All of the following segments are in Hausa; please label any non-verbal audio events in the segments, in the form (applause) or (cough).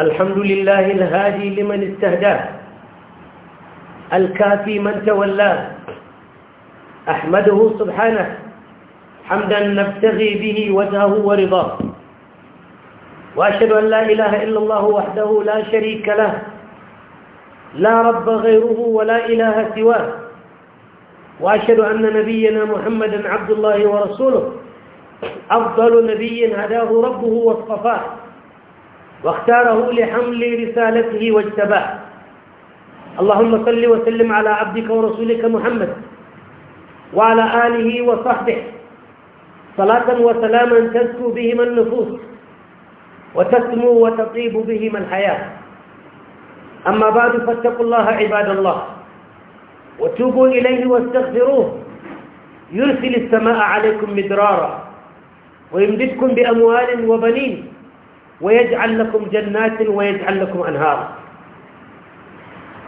الحمد لله الهادي لمن استهداه الكافي من تولاه أحمده سبحانه حمدا نبتغي به وجهه ورضاه وأشهد أن لا إله إلا الله وحده لا شريك له لا رب غيره ولا إله سواه وأشهد أن نبينا محمدا عبد الله ورسوله أفضل نبي هداه ربه واصطفاه واختاره لحمل رسالته واجتباه اللهم صل وسلم على عبدك ورسولك محمد وعلى آله وصحبه صلاة وسلاما تزكو بهما النفوس وتسمو وتطيب بهما الحياة أما بعد فاتقوا الله عباد الله وتوبوا إليه واستغفروه يرسل السماء عليكم مدرارا ويمددكم بأموال وبنين ويجعل لكم جنات ويجعل لكم أنهارا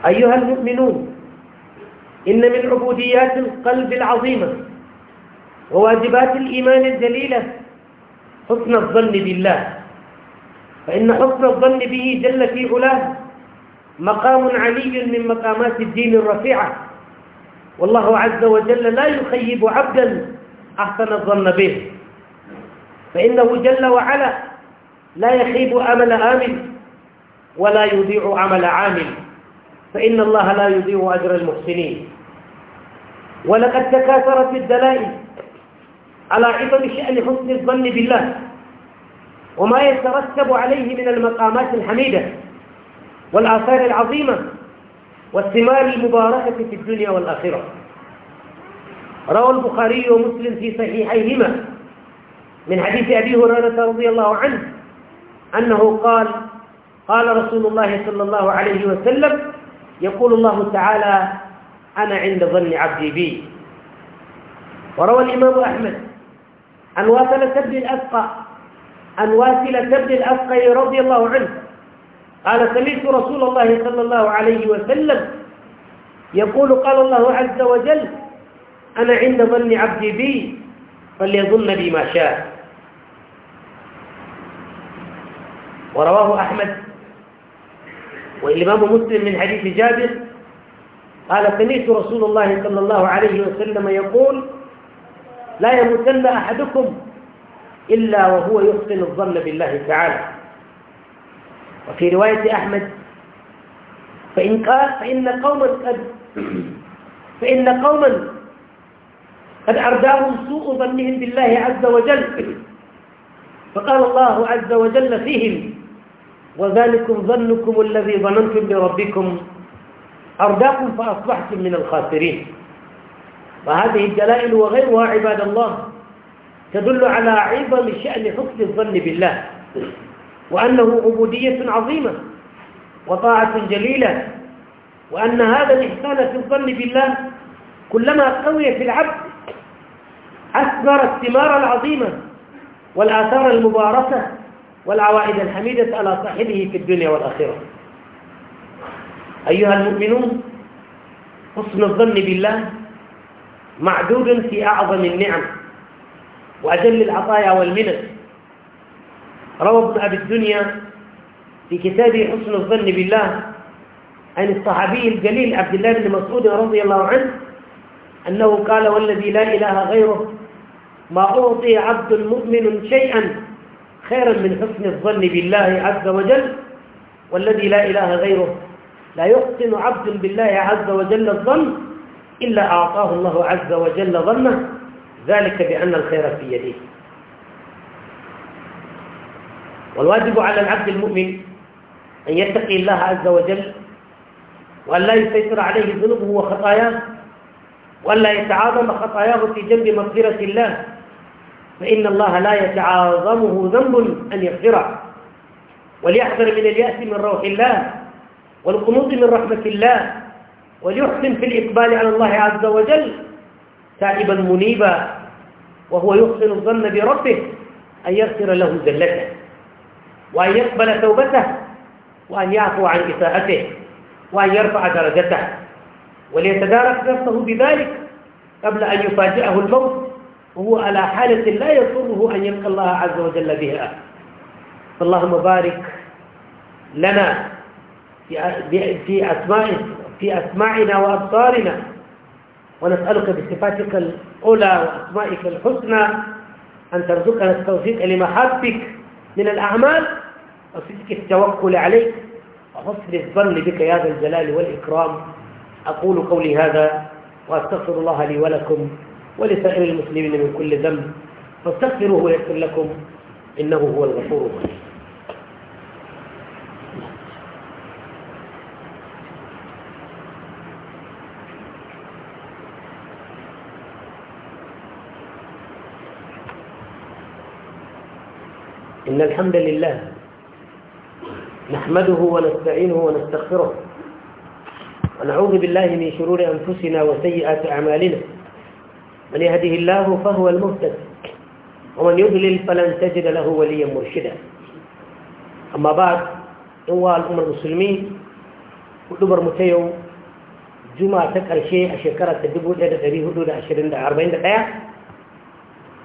أيها المؤمنون إن من عبوديات القلب العظيمة وواجبات الإيمان الجليلة حسن الظن بالله فإن حسن الظن به جل في علاه مقام علي من مقامات الدين الرفيعة والله عز وجل لا يخيب عبدا أحسن الظن به فإنه جل وعلا لا يخيب عمل عامل ولا يضيع عمل عامل فإن الله لا يضيع أجر المحسنين ولقد تكاثرت الدلائل على عظم شأن حسن الظن بالله وما يترتب عليه من المقامات الحميدة والآثار العظيمة والثمار المباركة في الدنيا والآخرة روى البخاري ومسلم في صحيحيهما من حديث أبي هريرة رضي الله عنه أنه قال قال رسول الله صلى الله عليه وسلم يقول الله تعالى أنا عند ظن عبدي بي وروى الإمام أحمد عن واسلة بن الأسقى عن واسلة بن الأسقى رضي الله عنه قال سمعت رسول الله صلى الله عليه وسلم يقول قال الله عز وجل أنا عند ظن عبدي بي فليظن بي ما شاء ورواه أحمد والإمام مسلم من حديث جابر قال سمعت رسول الله صلى الله عليه وسلم يقول لا يموتن أحدكم إلا وهو يحسن الظن بالله تعالى وفي رواية أحمد فإن, قال فإن قوما قد فإن قوما قد أرداهم سوء ظنهم بالله عز وجل فقال الله عز وجل فيهم وذلكم ظنكم الذي ظننتم بربكم أرداكم فأصبحتم من الخاسرين وهذه الدلائل وغيرها عباد الله تدل على عظم شأن حسن الظن بالله وأنه عبودية عظيمة وطاعة جليلة وأن هذا الإحسان في الظن بالله كلما قوي في العبد أثمر الثمار العظيمة والآثار المباركة والعوائد الحميدة على صاحبه في الدنيا والآخرة أيها المؤمنون حسن الظن بالله معدود في أعظم النعم وأجل العطايا والمنن روى ابن أبي الدنيا في كتابه حسن الظن بالله عن الصحابي الجليل عبد الله بن مسعود رضي الله عنه أنه قال والذي لا إله غيره ما أعطي عبد مؤمن شيئا خيرا من حسن الظن بالله عز وجل والذي لا إله غيره لا يحسن عبد بالله عز وجل الظن إلا أعطاه الله عز وجل ظنه ذلك بأن الخير في يديه والواجب على العبد المؤمن أن يتقي الله عز وجل وأن لا يسيطر عليه ذنوبه وخطاياه وأن لا يتعاظم خطاياه في جنب مغفرة الله فإن الله لا يتعاظمه ذنب أن يغفره وليحذر من اليأس من روح الله والقنوط من رحمة الله وليحسن في الإقبال على الله عز وجل تائبا منيبا وهو يحسن الظن بربه أن يغفر له زلته وأن يقبل توبته وأن يعفو عن إساءته وأن يرفع درجته وليتدارك نفسه بذلك قبل أن يفاجئه الموت وهو على حالة لا يضره أن يلقى الله عز وجل بها فاللهم بارك لنا في أسمائك في أسماعنا وأبصارنا ونسألك بصفاتك الأولى وأسمائك الحسنى أن ترزقنا التوفيق لمحبك من الأعمال وصدق التوكل عليك وحسن الظن بك يا ذا الجلال والإكرام أقول قولي هذا وأستغفر الله لي ولكم ولسائر المسلمين من كل ذنب فاستغفروه ويغفر لكم إنه هو الغفور الرحيم إن الحمد لله نحمده ونستعينه ونستغفره ونعوذ بالله من شرور أنفسنا وسيئات أعمالنا من يهده الله فهو المهتد ومن يضلل فلن تجد له وليا مرشدا أما بعد هو الأمة المسلمين ودبر متيو جمعة تكرشي أشكرة تدبو لدى تريه دون أشرين أربعين دقيقة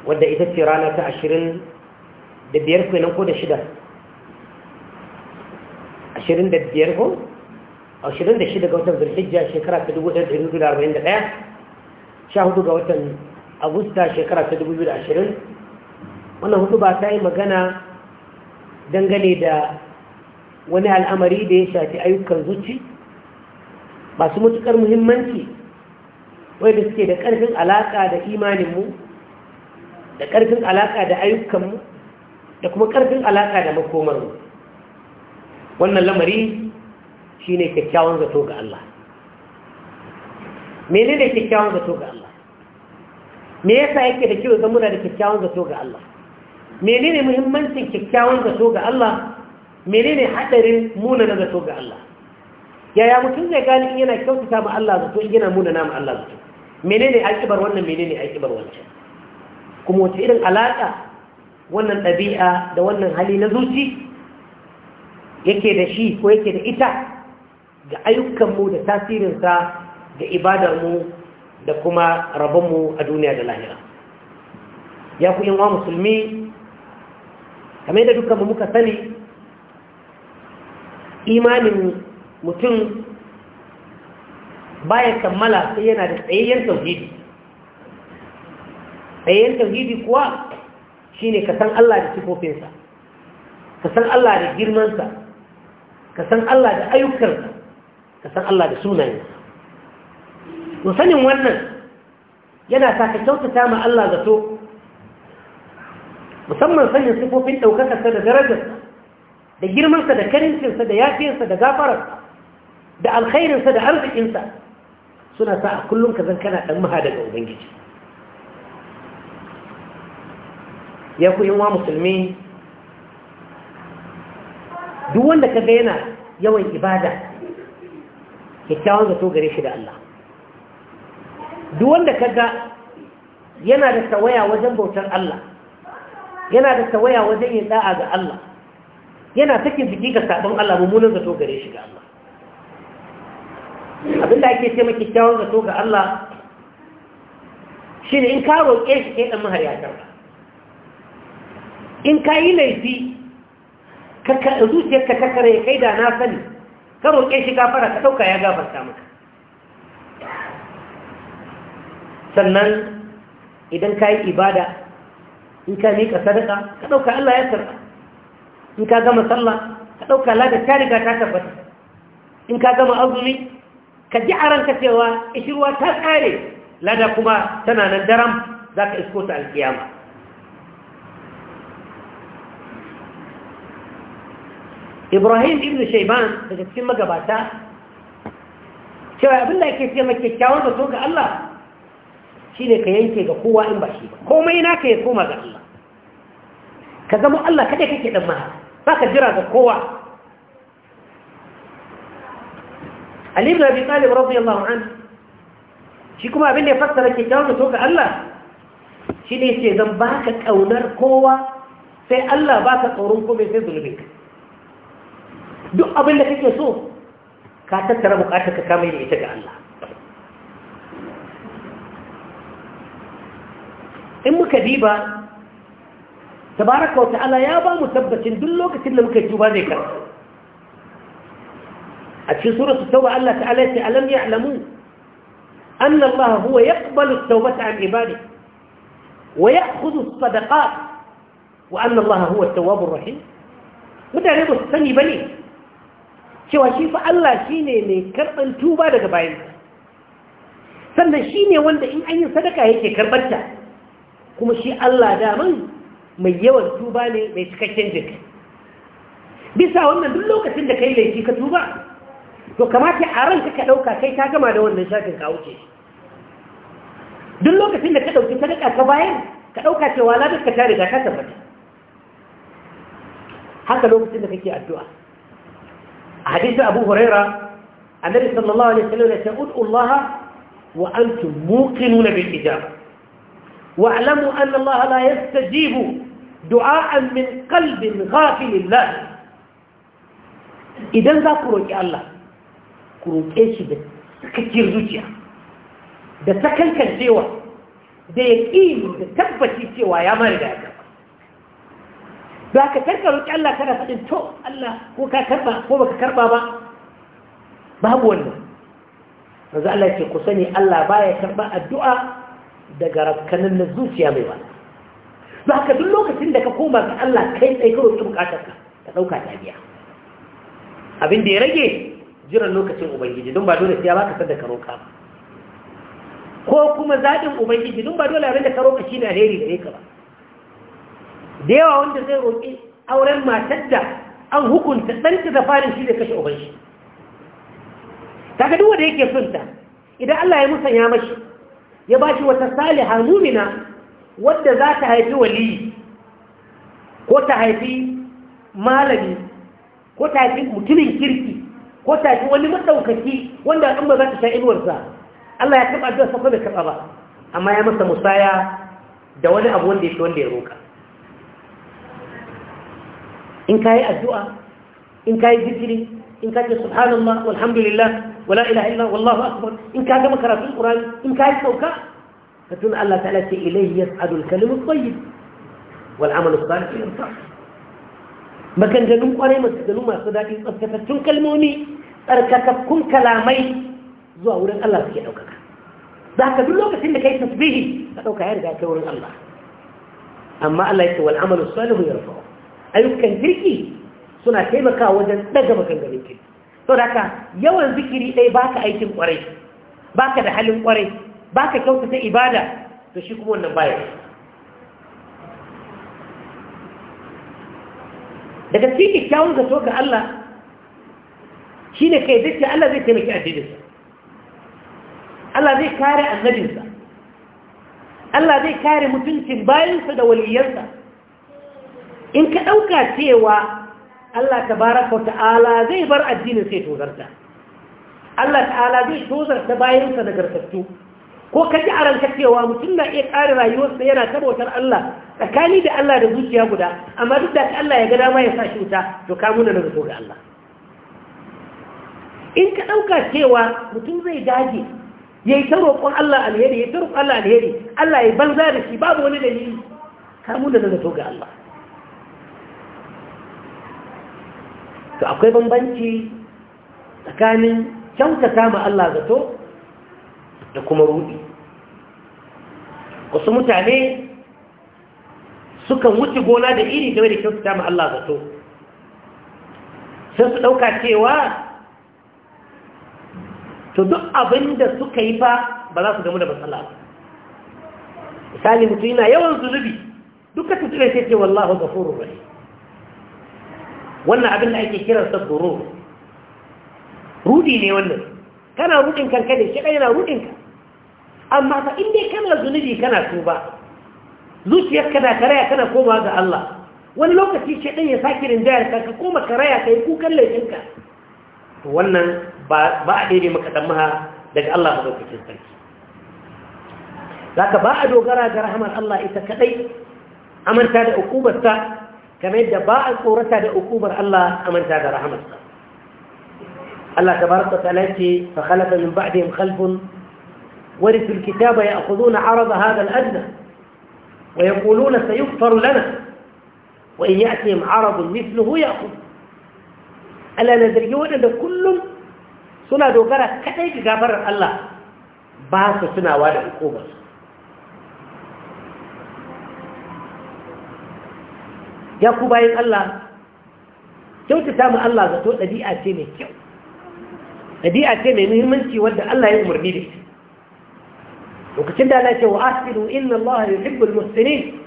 ودى إذا تيرانا تأشرين دبيركو ينقود شدا أشرين دبيركو أو شرين دشيدة قوتم ذو الحجة أشكرة تدبو لدى تريه دون أربعين دقيقة 14 ga watan agusta shekara ta 2020 wannan hudu ba ta yi magana dangane da wani al'amari da ya shafi ayyukan zuci masu mutukar muhimmanci wadda suke da ƙarfin alaƙa da imaninmu da ƙarfin alaƙa da ayyukanmu da kuma ƙarfin alaƙa da makomarmu wannan lamari shi ne kyakkyawan zato ga Allah Menene kyakkyawan zato ga Allah me yasa yake da kyau zan muna da kyakkyawan zato ga Allah menene muhimmancin kyakkyawan zato ga Allah menene hadarin munana zato ga Allah yaya mutum zai gani in yana kyautata ma Allah zato in yana munana ma Allah zato menene akibar wannan menene akibar wancan kuma wace irin alaka wannan ɗabi'a da wannan hali na zuci yake da shi ko yake da ita ga ayyukanmu da tasirinsa ga ibadarmu da kuma rabonmu a duniya da lahira ya ku yin wa musulmi kamar da mu muka sani imanin mutum bayan kammala sai yana da tsayayyen tauhidi tsayayyen tauhidi kuwa shine ka san Allah da sifofinsa ka san Allah da girmansa ka san Allah da ayyukansa ka san Allah da sunayensa to sanin wannan yana sa ka kyautata ma Allah zato musamman sanin sifofin ɗaukakarsa da darajarsa da girmansa da karincinsa da yafiyarsa da gafararsa da alkhairinsa da arzikinsa suna sa a kullum ka zan kana ɗan maha daga ubangiji ya ku yin wa musulmi duk wanda ka ga yana yawan ibada kyakkyawan zato gare shi da Allah duk wanda kaga yana da tawaya wajen bautar Allah yana da tawaya wajen yin da'a ga Allah yana sakin jiki ga sabon Allah mummunan zato gare shi ga Allah abinda ake ce maki kyawun zato ga Allah shi ne in ka roƙe shi ke ɗan mahayyatar in ka yi laifi ka zuciyarka ta kare kai da na sani ka roƙe shi gafara ka ɗauka ya gafarta maka sannan idan ka ibada in ka miƙa sadaka ka ɗauka Allah ya sarka in ka gama sallah ka ɗauka lada ta riga ta tabbata in ka gama azumi ka ji a ranka cewa ishirwa ta tsare lada kuma tana nan daram za ka isko ta alkiyama ibrahim ibn shaiban daga cikin magabata cewa abinda ake ce mai kyakkyawan zato ga Allah shine ka yanke ga kowa in ba shi ba komai naka ya koma ga Allah ka zama Allah kada kake dan maha ka jira ga kowa Ali ibn Abi Talib radiyallahu anhu shi kuma abin da ya fassara ke kawo to ga Allah shine yace zan baka kaunar kowa sai Allah baka tsoron komai sai zulubinka duk abin da kake so ka tattara bukatar ka kame da ita ga Allah in muka diba tabaraka wa ta'ala ya ba mu tabbacin duk lokacin da muka yi tuba zai karɓa a cikin suratul tauba Allah ta'ala ya ce alam ya'lamu anna Allah huwa yaqbalu at-taubata 'an ibadihi ويأخذ الصدقات وأن الله هو التواب الرحيم mutane ba su sani ba ne cewa shi fa Allah shi ne mai karɓar tuba daga bayan sannan shi ne wanda in an yi sadaka yake karɓarta kuma shi Allah daman mai yawan tuba ne mai cikakken jiki bisa wannan duk lokacin da kai laifi ka tuba to kamata a ranka ka ɗauka kai ka gama da wannan shafin ka wuce duk lokacin da ka ɗauki sadaka ka bayan ka ɗauka cewa duk ka tare da ka tabbata haka lokacin da kake addu'a a hadisin abu huraira annabi sallallahu alaihi wasallam ya ce ud'u Allah, wa antum muqinuna bil ijaba واعلموا أن الله لا يستجيب دعاء من قلب غافل له إذا ذا كروك الله كروك إيش كتير زوجيا da sakankan cewa da ya ƙini da tabbaci cewa ya mara da ya ba ka karka roƙi Allah kana faɗin to Allah ko ka karɓa ko baka karɓa ba babu wannan yanzu Allah ce ku sani Allah baya karɓa addu'a daga rafkanin na zuciya mai ba ba haka duk lokacin da ka koma ga Allah kai tsaye ka roƙi bukatarka ka ɗauka ta biya abin da ya rage jiran lokacin ubangiji don ba dole sai ba ka sadda ka roƙa ko kuma zaɗin ubangiji don ba dole abin da ka roƙa shine alheri da ka ba da yawa wanda zai roƙi auren matar da an hukunta ɗanta da farin shi da kashe ubangiji ta ga duk wanda yake sunta idan Allah ya musanya mashi ya ba shi wata saliha mumina wadda za ta haifi wali, ko ta haifi malami ko ta haifi mutumin kirki ko ta haifi wani matsaukaki wanda ɗumba za ta sha inuwarsa Allah ya taɓa zuwa saboda kaɓa ba amma ya masa musaya da wani abu wanda ya fi wanda ya roka in ka yi addu'a in ka yi jikiri in ka ce subhanallah walhamdulillah wala ilaha illa wallahu akbar in ka gama karatun qur'ani in ka yi sauka ka tuna Allah ta'ala ce ilayhi yas'adu al-kalimu at-tayyib wal 'amalu as-salih yarfa maganganun kwarai maganganun masu daɗi tsaftatattun kalmomi tsarkakakkun kalamai zuwa wurin Allah suke ɗaukaka za ka duk lokacin da ka yi tasbihi ka ɗauka ya riga kai wurin Allah amma Allah ya ce wal amalu salihu yarfa ayyukan kirki suna taimakawa wajen daga maganganun kirki so yawan zikiri ɗai ba ka aikin ƙwarai ba ka da halin ƙwarai ba ka kyautata ibada to shi kuma wannan bayan daga cikin kyawun zato ga Allah shi ne kai dukkan Allah zai taimaki addininsa Allah zai kare annabinsa Allah zai kare mutuncin bayansa da waliyansa in ka ɗauka cewa Allah tabaraka ta'ala zai bar addinin sai tozarta Allah ta'ala zai tozarta bayansa nagartattu ko ka ji aranka cewa mutum na iya ƙara rayuwarsa yana tabautar Allah tsakani da Allah da zuciya guda amma duk da Allah ya ga dama ya sa shi to ka muna na ga Allah in ka ɗauka cewa mutum zai dage ya yi ta roƙon Allah alheri ya ta roƙon Allah alheri Allah ya banza da shi babu wani dalili ka muna na zato ga Allah to akwai bambanci tsakanin kyautata ma Allah zato da kuma rudi wasu mutane sukan wuce gona da iri game da kyautata ma Allah zato sai su ɗauka cewa to duk abin da suka yi fa ba za su gamu da matsala ba misali mutum yana yawan zunubi duka tuturai sai ce wallahu gafurur rahim wannan abin da ake kiransa tsoro rudi ne wannan kana rudin kanka ne shiga yana rudin ka amma ba in dai kana zunubi kana so tuba zuciyarka na karaya kana komawa ga Allah wani lokaci shaɗan ya sake rinjayar ka ka koma karaya ka yi kukan laifinka to wannan ba a daidai maka daga Allah maɗaukakin sarki za ka ba a dogara ga rahamar Allah ita kaɗai amanta da hukumarsa كما يدى باء القورة لأكوبر الله أمن تعالى رحمة الله تبارك وتعالى فخلف من بعدهم خلف ورثوا الكتاب يأخذون عرض هذا الأدنى ويقولون سيغفر لنا وإن يأتيهم عرض مثله يأخذ ألا ندريون أن كل سنة دوغرة كأيك غفر الله باسو سنة وادع القوبة ya ku bayan Allah kyautata mu Allah zato ɗabi'a ce mai kyau ɗabi'a ce mai muhimmanci wadda Allah ya umarni da ita lokacin da Allah ya ce wa asiru inna Allah yuhibbul muhsinin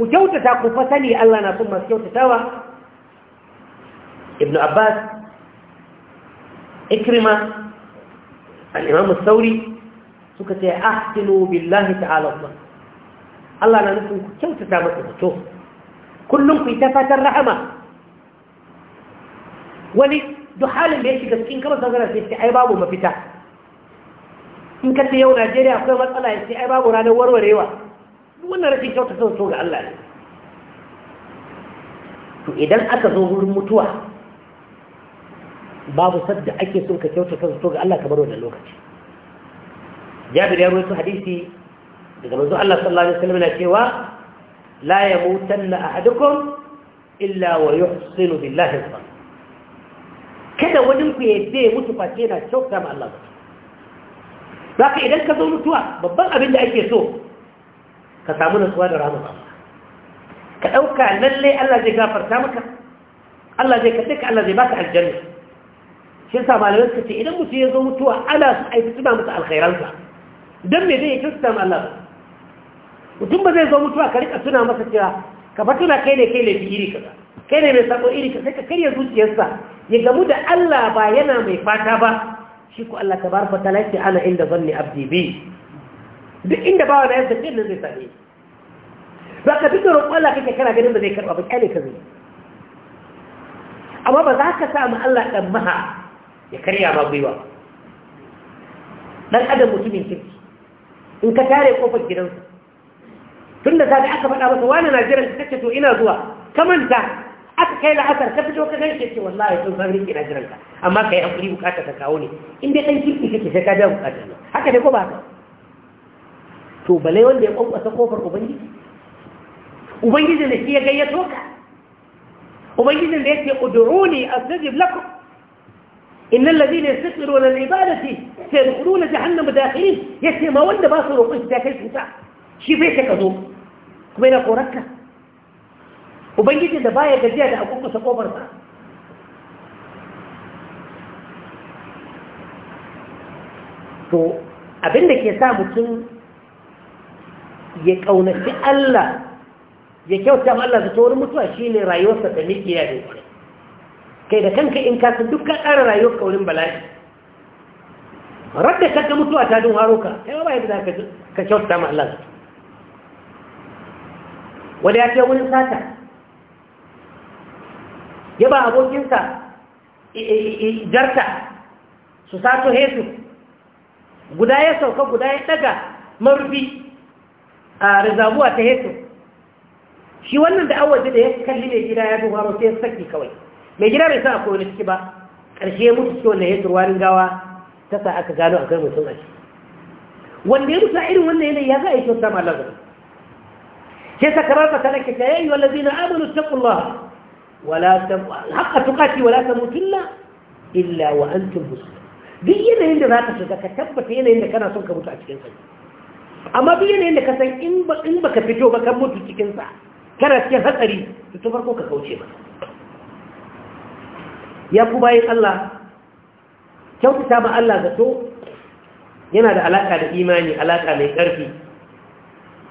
ku kyautata ku fa sani Allah na son masu kyautatawa ibnu Abbas ikrima al-imam sauri suka ce ahsinu billahi ta'ala Allah na nufin ku kyautata masa zato kullum ku yi ta fatan rahama wani duk halin da ya shiga cikin kamar sangana sai ai babu mafita in ka yau najeriya akwai matsala ya sai ai babu ranar warwarewa wannan rashin kyauta son so ga allah ne to idan aka zo wurin mutuwa babu sadda ake son ka kyauta son so ga allah kamar wannan lokaci jabir ya rawaito hadisi daga manzo allah sallallahu alaihi wasallam na cewa la yamutanna ahadukum illa wa yuhsinu billahi dhanna kada wani ku yadda ya mutu face yana kyauta ma Allah zaka idan ka zo mutuwa babban abin da ake so ka samu nutsuwa da rahama ka dauka lalle Allah zai gafarta maka Allah zai kace ka Allah zai baka aljanna Shin yasa malamai suka ce idan mutum ya zo mutuwa ana su aiki yi fitina masa alkhairansa dan me zai kyauta ma Allah mutum ba zai zo mutuwa ka rika tuna masa cewa ka fa tuna kai ne kai ne fi iri kaza kai ne mai sako iri kaza ka karya zuciyarsa ya gamu da Allah ba yana mai fata ba shi ku Allah ta barfa ta lafi ana inda zanni abdi bi duk inda bawa da yasa nan zai sami ba ka fito roƙon Allah kake kana ganin ba zai karɓa? ba kyale ka zai amma ba za ka samu Allah dan maha ya karya ma gwiwa dan adam mutumin kirki in ka tare kofar gidansa tun da aka faɗa masa wani na jiran ka ce to ina zuwa ka manta aka kai la'asar ka fito ka gaishe ce wallahi sun san riki na ka amma kai hakuri bukata ka kawo ne in dai dan kirki kake sai ka biya bukata nan haka ne ko ba haka to balai wanda ya kwankwasa kofar ubangiji ubangiji da shi ya gayyato ka ubangijin da yake ud'uni astajib lakum إن الذين yastakbiruna an ibadati sayadkhuluna jahannama dakhirin yace ma wanda ba su roƙon shi ta kai su kuma yana korarka ubangiji da baya gajiya da kusa kofarsa to abinda ke sa mutum ya ƙaunaci Allah ya kyauta ma Allah ta wani mutuwa shi ne rayuwarsa da mikiya da wani kai da kanka in kasu duk ka ƙara rayuwar ƙaunin bala'i rabda kanka mutuwa ta dun haro ka yawa ba yadda ka kyauta ma Allah su. wani ya ce wurin sata ya ba abokinsa jarta su sato hesu guda ya sauka guda ya daga marufi a rizabuwa ta hesu shi wannan da awaji da ya kalli mai gida ya duba sai ya saki kawai mai gida bai sa a kowane ciki ba ƙarshe ya mutu ciki wannan hesu ruwanin gawa ta sa aka gano a kai mutum a shi wanda ya mutu a irin wannan yanayi ya za a yi kyauta ma lagos sai takarar ta nake ta yayi wallazi na amanu taqullah wala ta haqqa tuqati wala tamutilla illa wa antum duk yanayin da zaka shiga ka tabbata yanayin da kana son ka mutu a cikin sa amma duk yanayin da ka san in ba in baka fito ba kan mutu cikin sa hatsari to farko ka kauce ba ya ku Allah kyautata ba Allah zato yana da alaka da imani alaka mai karfi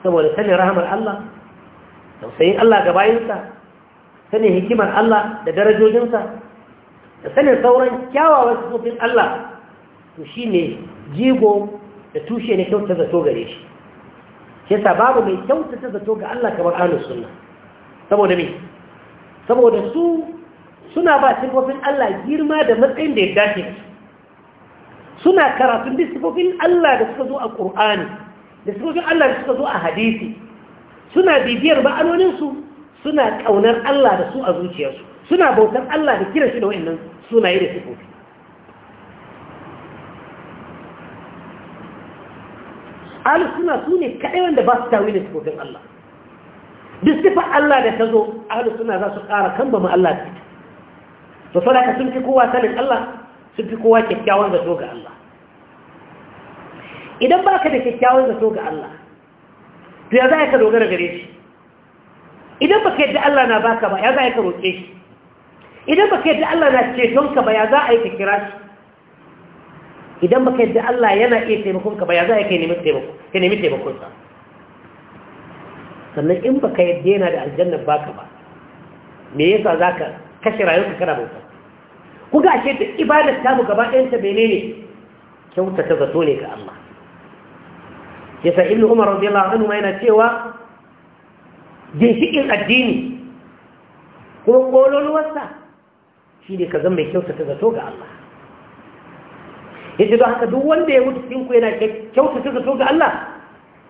saboda sanin rahamar Allah tausayin Allah ga bayansa sanin hikimar Allah da darajojinsa da sanin sauran kyawawan sufofin Allah to shi ne jigo da tushe ne kyauta zato gare shi shi sa babu mai kyauta ta zato ga Allah kamar ahlus sunna saboda me saboda su suna ba sifofin Allah girma da matsayin da ya dace suna karatun da Allah da suka zo a Qur'ani da sifofin Allah da suka zo a hadisi suna bibiyar ma'anoninsu suna ƙaunar Allah da su a zuciyarsu suna bautar Allah da kira shi da wa'annan sunaye da sifofi alu suna su ne kaɗai wanda ba su tawi su sifofin Allah duk sifa Allah da ta zo alu suna za su ƙara kan ba Allah ita, to sadaka sun fi kowa sanin Allah sun fi kowa kyakkyawan zato ga Allah idan ba ka da kyakkyawan zato ga Allah to ya za ka dogara gare shi idan baka yadda Allah na baka ba ya za ka roƙe shi idan baka yadda Allah na cetonka ba ya za a yi ka kira shi idan baka yadda Allah yana iya taimakonka ba ya za a yi ka nemi taimakonsa sannan in baka yadda yana da aljannan baka ba me yasa za ka kashe rayuwarka kana bauta ku ga ashe da ibadar tamu gaba ɗayanta bene ne kyautata zato ne ga Allah ya sa ibnu umar radiyallahu anhu yana cewa ginshikin addini ko kololuwarsa wasa shine ka mai kyautata zato ga Allah yace don haka duk wanda ya mutu cikin ku yana kyautata zato ga Allah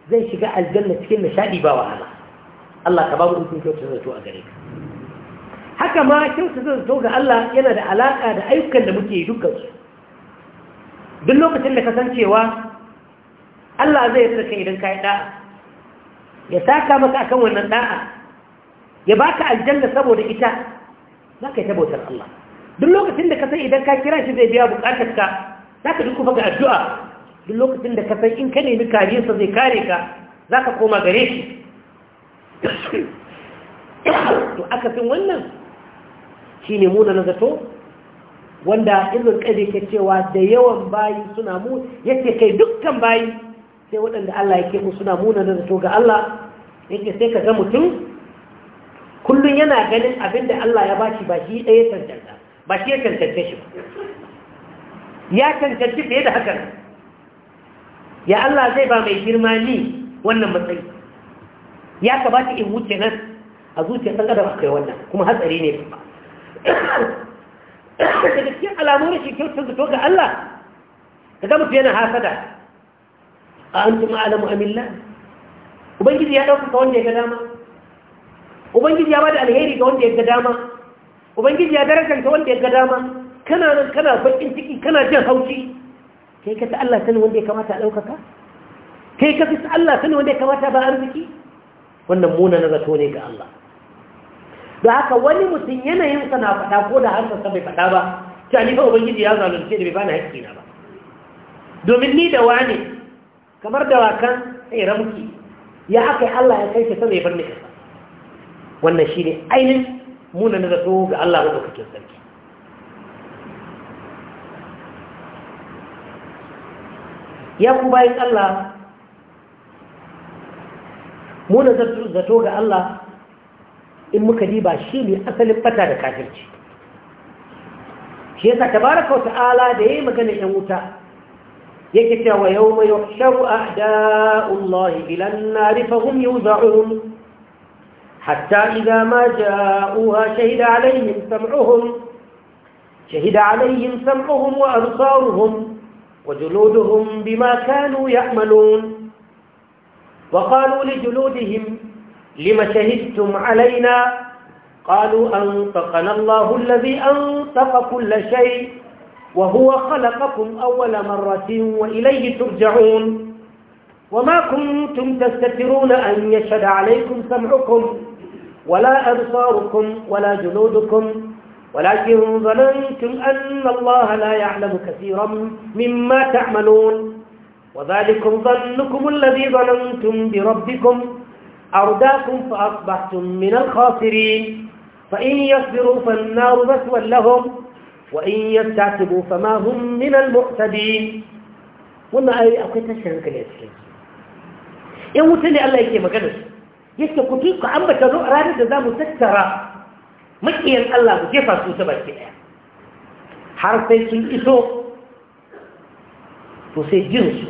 zai shiga aljanna cikin nishadi ba wahala Allah ka ba mu ikon kyautata zato a gare ka haka ma kyautata zato ga Allah yana da alaka da ayyukan da muke yi dukkan su duk lokacin da ka san cewa Allah zai yarda kai idan kai da'a ya saka maka akan wannan da'a ya baka aljanna saboda ita zaka yi ta bautar Allah duk lokacin da ka san idan ka kira shi zai biya bukatar ka zaka duk kuma ga addu'a duk lokacin da ka san in ka nemi sa zai kare ka zaka koma gare shi to aka fin wannan shine mu da na zato wanda irin kade ke cewa da yawan bayi suna mu yake kai dukkan bayi sai waɗanda Allah ya keɓo suna muna da zato ga Allah yake sai ka ga mutum kullum yana ganin abin da Allah ya bashi ba shi ɗaya tantanta ba shi ya tantance shi ya cancanci fiye da hakan ya Allah zai ba mai girma ni wannan matsayi ya kamata in wuce nan a zuciyar ɗan adam kai wannan kuma hatsari ne ba (coughs) daga cikin alamun rashin kyautar zato ga Allah ka ga mutu yana hasada a a'lamu am billah ubangiji ya ɗaukaka wanda ya ga dama ubangiji ya bada alheri ga wanda ya ga dama ubangiji ya darajanta wanda ya ga dama kana nan kana bakin ciki kana jin haushi kai ka ta Allah sani wanda ya kamata a ɗaukaka kai ka ta Allah sani wanda ya kamata ba arziki wannan muna na zato ne ga Allah da haka wani mutum yanayin sa na fada ko da har sa bai fada ba ta ni fa ubangiji ya zalunce da bai bani haƙƙi na ba domin ni da wani kamar dawakan sai ramuki ya aka Allah ya kai shi sama ya bar ni wannan shi ne ainihin muna na zato ga Allah kake sarki ya ku bayan Allah muna zato ga Allah in muka diba shi ne asalin fata da kafirci shi yasa tabaraka wa ta'ala da yayi magana yan wuta يكتب ويوم يحشر أعداء الله إلى النار فهم يوزعون حتى إذا ما جاءوها شهد عليهم سمعهم شهد عليهم سمعهم وأبصارهم وجلودهم بما كانوا يعملون وقالوا لجلودهم لم شهدتم علينا قالوا أنطقنا الله الذي أنطق كل شيء وهو خلقكم أول مرة وإليه ترجعون وما كنتم تستترون أن يشهد عليكم سمعكم ولا أبصاركم ولا جنودكم ولكن ظننتم أن الله لا يعلم كثيرا مما تعملون وذلكم ظنكم الذي ظننتم بربكم أرداكم فأصبحتم من الخاسرين فإن يصبروا فالنار مسوى لهم wa in yattasibu fama hum min al-mu'tadin wannan ayoyi akwai tashin hankali a cikin in wuta ne Allah yake magana yake ku tuka ku ambata zo ranar da za mu tattara makiyan Allah mu jefa su ta baki ɗaya. har sai sun iso to sai jinsu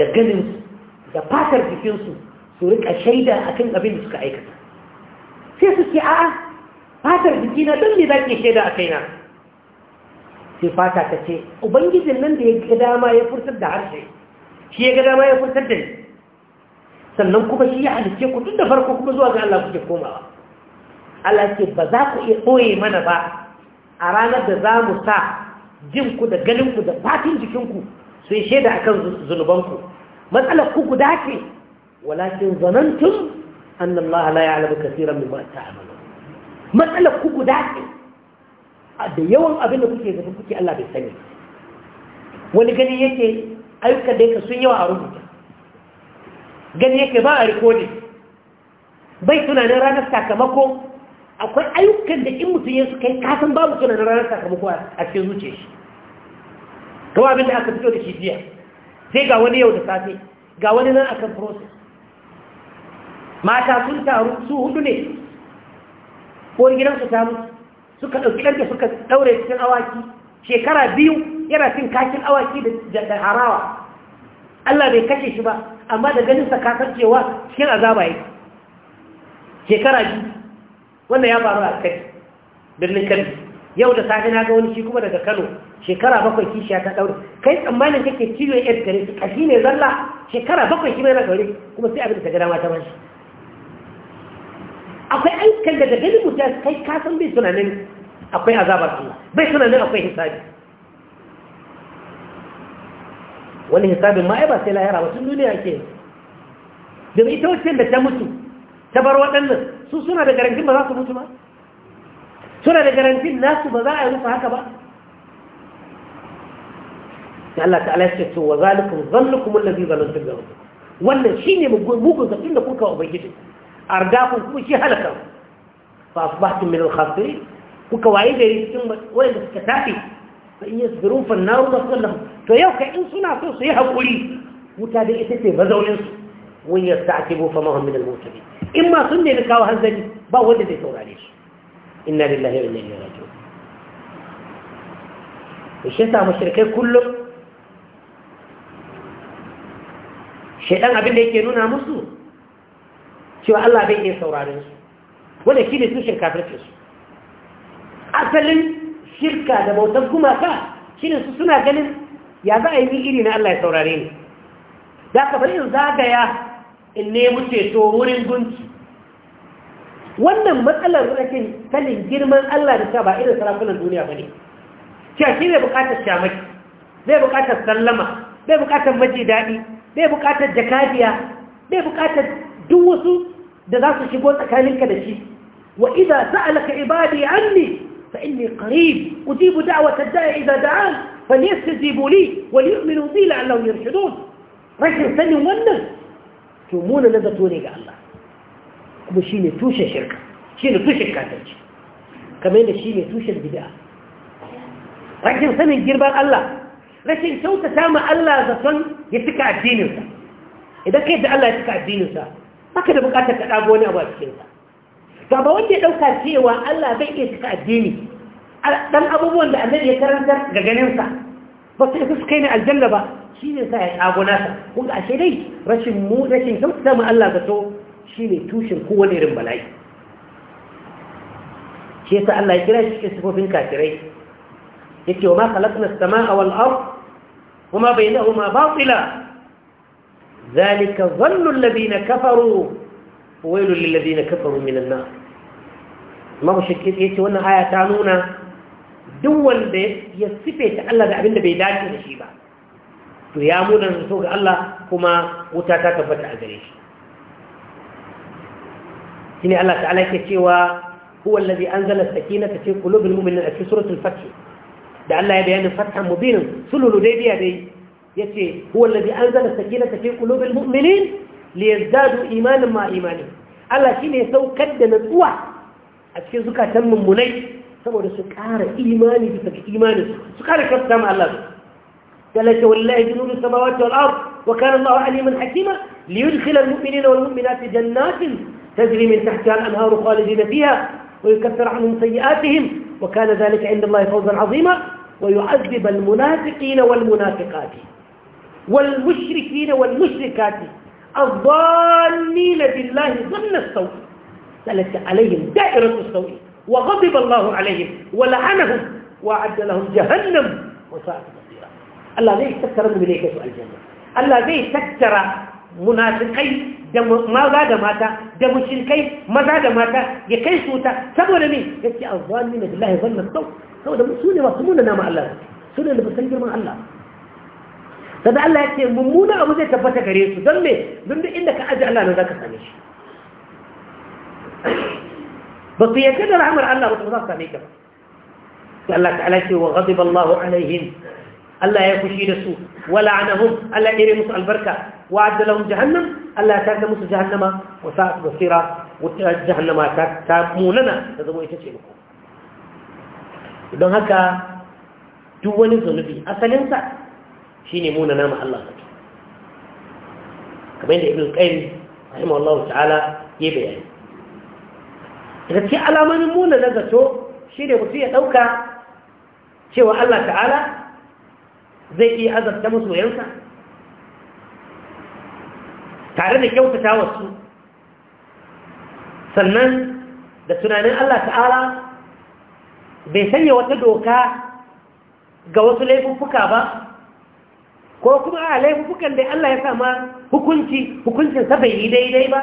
da ganinsu da fatar jikinsu su rika shaida akan abin da suka aikata sai su ce a'a fatar jikina don ne za ke shaida a kaina sai fata ta ce ubangijin nan da ya ga dama ya furtar da harshe shi ya gada ma ya furtar da ni sannan kuma shi ya halice ku tun da farko kuma zuwa ga Allah kuke komawa Allah ce ba za ku iya ɓoye mana ba a ranar da za mu sa jinku da ganinku da fatin jikinku su yi shaida a kan zunubanku matsalar ku guda ce walakin zanantun annan Allah la ya alabu kasiran mai ba ta amalu matsalar ku guda ce da yawan abin da kuke zafi kuke Allah bai sani wani gani yake ayyukan da yake sun yawa a rubuta gani yake ba a rikodin bai tunanin ranar sakamako akwai ayyukan da in mutum yansu kai kasan babu tunanin ranar sakamako a cikin zuce shi kawo abin da aka fito da shi jiya sai ga wani yau da safe ga wani nan akan process mata sun taru su hudu ne ko gidansu ta mutu suka ɗauki ɗanta suka ɗaure cikin awaki shekara biyu yana cin kakin awaki da harawa Allah bai kashe shi ba amma da ganin sa kasar cewa cikin azaba yake shekara biyu wannan ya faru a kai birnin kano yau da safe na ga wani shi kuma daga kano shekara bakwai kishiya ta ɗaure kai tsammanin kake ciwon yadda gare su kashi ne zalla shekara bakwai shi mai na ɗaure kuma sai abin da ta gada mata ba shi akwai aikan da gani mutum kai kasan bai tunanin akwai azabar Allah bai tunanin akwai hisabi wani hisabin ma ba sai lahira ba tun duniya ke domin ita wacce da ta mutu ta bar waɗannan su suna da garantin ba za su mutu ba suna da garantin nasu ba za a yi rufa haka ba da Allah ta'ala ya ce to wa zalikum zallukum allazi zalantum lahu wannan shine mugun zakin da kuka wa ubangiji أرداكم كل شيء هلكوا فأصبحتم من الخاسرين وكواعيد يتم وين الكتافي فإن يصبرون فالنار مصر لهم فيوك إن صنع توصي هقولي متابعة تتي بذول إنسو وإن يستعتبوا فما هم من الموتبين إما صنع لكاو هزني باو ودد يتور عليش إنا لله وإنا إليه راجعون الشيطة مشركين كلهم الشيطان أبين ليكينونا مسلم cewa Allah bai iya sauraron su wanda shi ne tushen kafircin su asalin shirka da bautan gumaka shi ne su suna ganin ya za a yi iri na Allah ya saurare ni da ka bari in zagaya in nemi ceto wurin gunki wannan matsalar rikin kanin girman Allah da ta ba irin sarakunan duniya ba ne cewa shi zai bukatar shamaki zai bukatar sallama zai bukatar maji daɗi zai bukatar jakadiya zai bukatar duk wasu da za su shigo tsakaninka da shi wa idza sa'alaka ibadi anni fa inni qarib ujibu da'wata da'i idza da'an falyastajibu li wa liyu'minu bi la'allahum yarshudun rashin sanin wannan to muna na zato ne ga Allah kuma shine tushen shirka shine tushen kafirci kamar yadda shine tushen bid'a rashin sanin girman Allah rashin kyautata ma Allah zaton ya cika addininsa idan kai da Allah ya cika addininsa baka da bukatar ka ɗago wani abu a cikinsa ga ba wanda ya ɗauka cewa Allah bai iya cika addini Dan abubuwan da annabi ya karantar ga ganinsa ba su su kai ne aljanna ba shi ne sa ya ɗago nasa da ashe dai rashin mu rashin kyautata mu Allah zato shi ne tushen kowane irin bala'i shi yasa Allah ya kira shi cikin sifofin kafirai yake wa ma khalaqna as-samaa wal ard wa ma bainahuma batila ذلك ظن الذين كفروا ويل للذين كفروا من النار ما هو شكيت يتي وانا آية تانونا دول دي يصفت الله ده عبين بيداتي نشيبا to ya muna su ga Allah kuma wuta ta tabbata a gare shi shine Allah ta'ala yake cewa huwa allazi anzala sakinata fi qulubil mu'minin a cikin suratul fath da Allah ya bayyana fathan mubin sululu dai biya dai يتي هو الذي أنزل السكينة في قلوب المؤمنين ليزدادوا إيمانا مع إيمانهم ألا شيني يسو كد نتوع أتكي زكاة تم مني سوى سكار إيماني بسك إيماني سكار كفتها مع الله قال والله جنود السماوات والأرض وكان الله عليما حكيما ليدخل المؤمنين والمؤمنات جنات تجري من تحتها الأنهار خالدين فيها ويكفر عنهم سيئاتهم وكان ذلك عند الله فوزا عظيما ويعذب المنافقين والمنافقات والمشركين والمشركات الظانين بالله ظن السوء سألت عليهم دائرة السوء وغضب الله عليهم ولعنهم وأعد لهم جهنم وساءت مصيرا الله ليش تكتر من إليك سؤال الجنة الله ليش تكتر munafikai da maza da mata da mushrikai maza da mata ya kai su ta saboda me yace azzalimi billahi zanna sau saboda su ne masu munana ma Allah su ne da san girman Allah sai Allah ya ce mummuna abu zai tabbata gare su don me don duk inda ka aje Allah nan ka same shi ba su yarda da rahmar Allah ba su za su same ka ba sai Allah ta'ala ce wa ghadiba Allah alaihim Allah ya fushi da su wala anahum Allah ya rere musu albarka wa adda lahum jahannam Allah ta ga musu jahannama wa sa'at basira wata jahannama ta ta munana ta zama ita ce muku don haka duk wani zunubi asalinsa ne muna nama Allah zato kamar da ibn qayyim Allah ta'ala ya bayani daga cikin alamomin muna na zato ne mutum ya ɗauka cewa Allah ta'ala zai iya azabta masoyansa tare da kyautata wasu sannan da tunanin Allah ta'ala bai sanya wata doka ga wasu laifuffuka ba ko kuma a laifukan da Allah ya sama hukunci hukuncin sa bai yi daidai ba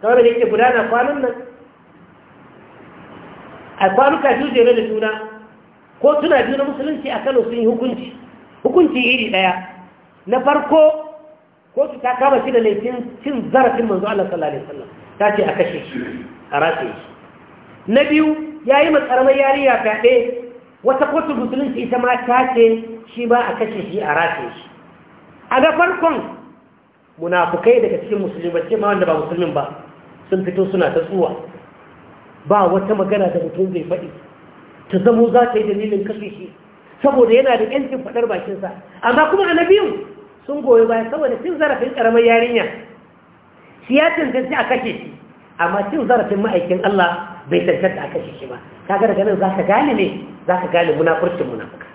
kawai da yake gudana kwanan nan a kwanuka jujere da juna ko suna juna musulunci a kano sun yi hukunci hukunci iri ɗaya na farko kotu ta kama shi da laifin cin zarafin manzo Allah sallallahu alaihi wasallam ta ce a kashe shi a rashe shi na biyu yayi matsaramar yariya fyaɗe wata kotun musulunci ita ma ta ce shi ba a kashe shi a rashe shi a ga farkon munafukai daga cikin musulmi ma wanda ba musulmin ba sun fito suna ta tsuwa ba wata magana da mutum zai faɗi ta zamo za ta yi dalilin kashe shi saboda yana da yancin faɗar bakinsa amma kuma a biyun sun goyi baya saboda cin zarafin ƙaramar yarinya shi ya cancanci a kashe shi amma cin zarafin ma'aikin Allah bai cancanta a kashe shi ba Ta daga nan za ka gane ne za ka gane munafurcin munafuka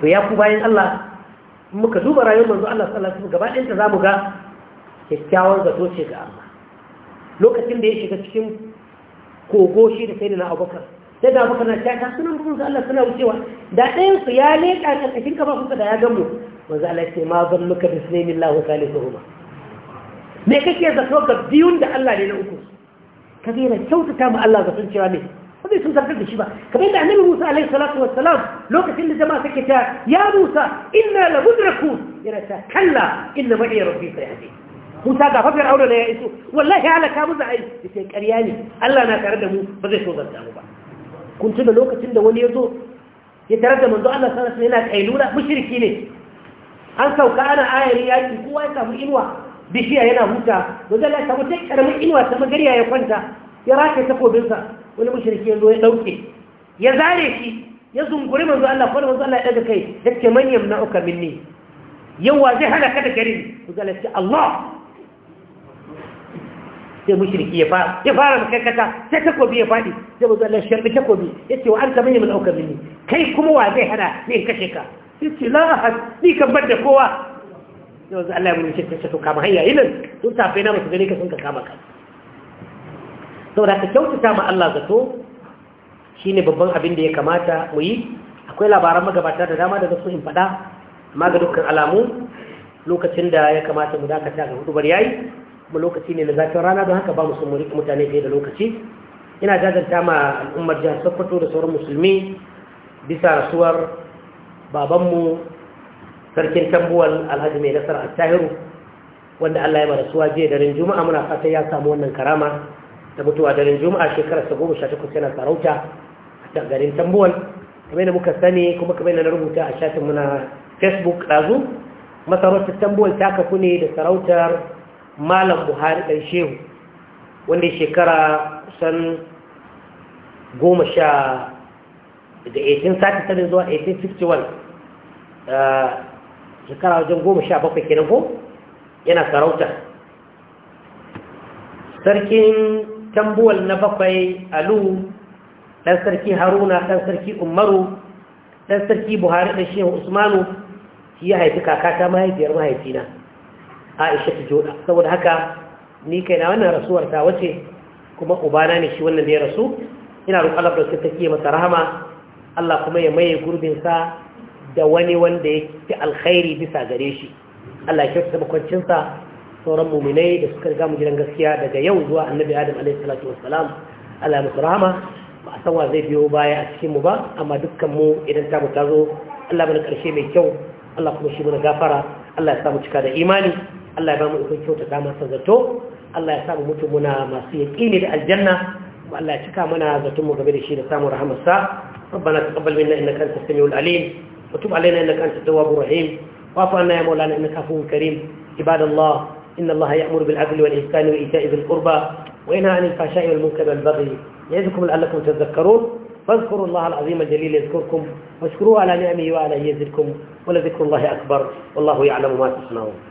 to ya ku bayan Allah muka duba rayuwar manzo Allah sallallahu alaihi wasallam gaba ɗayan ta zamu ga kyakkyawar zato ce ga Allah lokacin da ya shiga cikin kogo shi da sayyidina Abubakar sai da Abubakar na ta sunan manzo Allah suna wucewa da ɗayan su ya leƙa karkashin kafa kuka da ya gamu manzo Allah ce ma zan muka bismillah wa salisuhuma me kake zato ga biyun da Allah ne na uku ka zira kyautata mu Allah zaton cewa ne ba zai zartar da shi ba kamar yadda annabi Musa alaihi salatu wassalam lokacin da jama'a take ta ya Musa inna la mudrakun yana ta kalla inna ma'i rabbi sayhadi Musa ga fafiyar aure da ya iso wallahi halaka mu za a yi sai ƙarya ne Allah na tare da mu ba zai so zanta mu ba kun tuna lokacin da wani ya zo ya tarar da manzo Allah sallallahu alaihi wasallam yana kailula mushriki ne an sauka ana ayar yaki kowa ya samu inuwa bishiya yana huta manzo Allah ya samu duk karamin inuwa ta magariya ya kwanta ya rake takobinsa wani mushriki ya zo ya ɗauke, ya zare shi ya zunguri manzo Allah ko manzo Allah ya daga kai yace man yamna'uka minni yawa zai hana ka da garin manzo Allah ya ce Allah sai mushriki ya fara ya fara makarkata sai takobi ya faɗi, sai manzo Allah ya sharbi takobi yace wa anta man yamna'uka minni kai kuma wa zai hana ne kashe ka yace la ahad ni kan bar da kowa sai manzo Allah ya mun ce ka kama hanya ilan sun tafe na musu gani ka sun ka kama ka saboda ka kyautata ma Allah zato shi ne babban abin da ya kamata mu yi akwai labaran magabata da dama da zasu in faɗa amma ga dukkan alamu lokacin da ya kamata mu dakata ga hudubar yayi kuma lokaci ne na zafin rana don haka ba mu sun mutane fiye da lokaci ina jajanta ma al'ummar jihar sokoto da sauran musulmi bisa rasuwar babanmu sarkin tambuwal alhaji mai nasar tahiru wanda allah ya ba rasuwa jiya daren juma'a muna fata ya samu wannan karama da mutuwa daren juma'a shekarar sa goma sha takwas yana sarauta a tangarin tambuwal kamar da muka sani kuma kamar da na rubuta a shafin muna facebook ɗazu masarautar tambuwal ta kafu ne da sarautar malam buhari ɗan shehu wanda shekara kusan goma sha da 1837 zuwa 1851 ah, shekara wajen goma sha bakwai kenan ko yana sarauta sarkin tambuwal na bakwai alu ɗan sarki haruna ɗan sarki umaru ɗan sarki buhari da shehu usmanu shi ya haifi kakata mahaifiyar mahaifina aisha ta joda saboda haka ni kai na wannan rasuwar ta wace kuma ubana ne shi wannan da ya rasu ina roƙon Allah da take masa rahama Allah kuma ya maye gurbin sa da wani wanda yake alkhairi bisa gare shi Allah ya kyautata makwancin sa sauran muminai da suka riga mu gidan gaskiya daga yau zuwa annabi adam alaihi wassalam Allah musu rahama ba a san wa zai biyo baya a cikin mu ba amma dukkan mu idan ta ta zo Allah mana karshe mai kyau Allah kuma shi mana gafara Allah ya samu cika da imani Allah ya ba mu ikon kyauta ta masa zato Allah ya samu mutum muna masu yaƙini da aljanna Allah ya cika mana zaton mu game da shi da samun rahamarsa ربنا تقبل منا انك انت السميع العليم وتب علينا انك انت التواب الرحيم واعف عنا يا مولانا انك عفو كريم عباد الله إن الله يأمر بالعدل والإحسان وإيتاء ذي القربى وينهى عن الفحشاء والمنكر والبغي يعظكم لعلكم تذكرون فاذكروا الله العظيم الجليل يذكركم واشكروه على نعمه وعلى يزدكم ولذكر الله أكبر والله يعلم ما تصنعون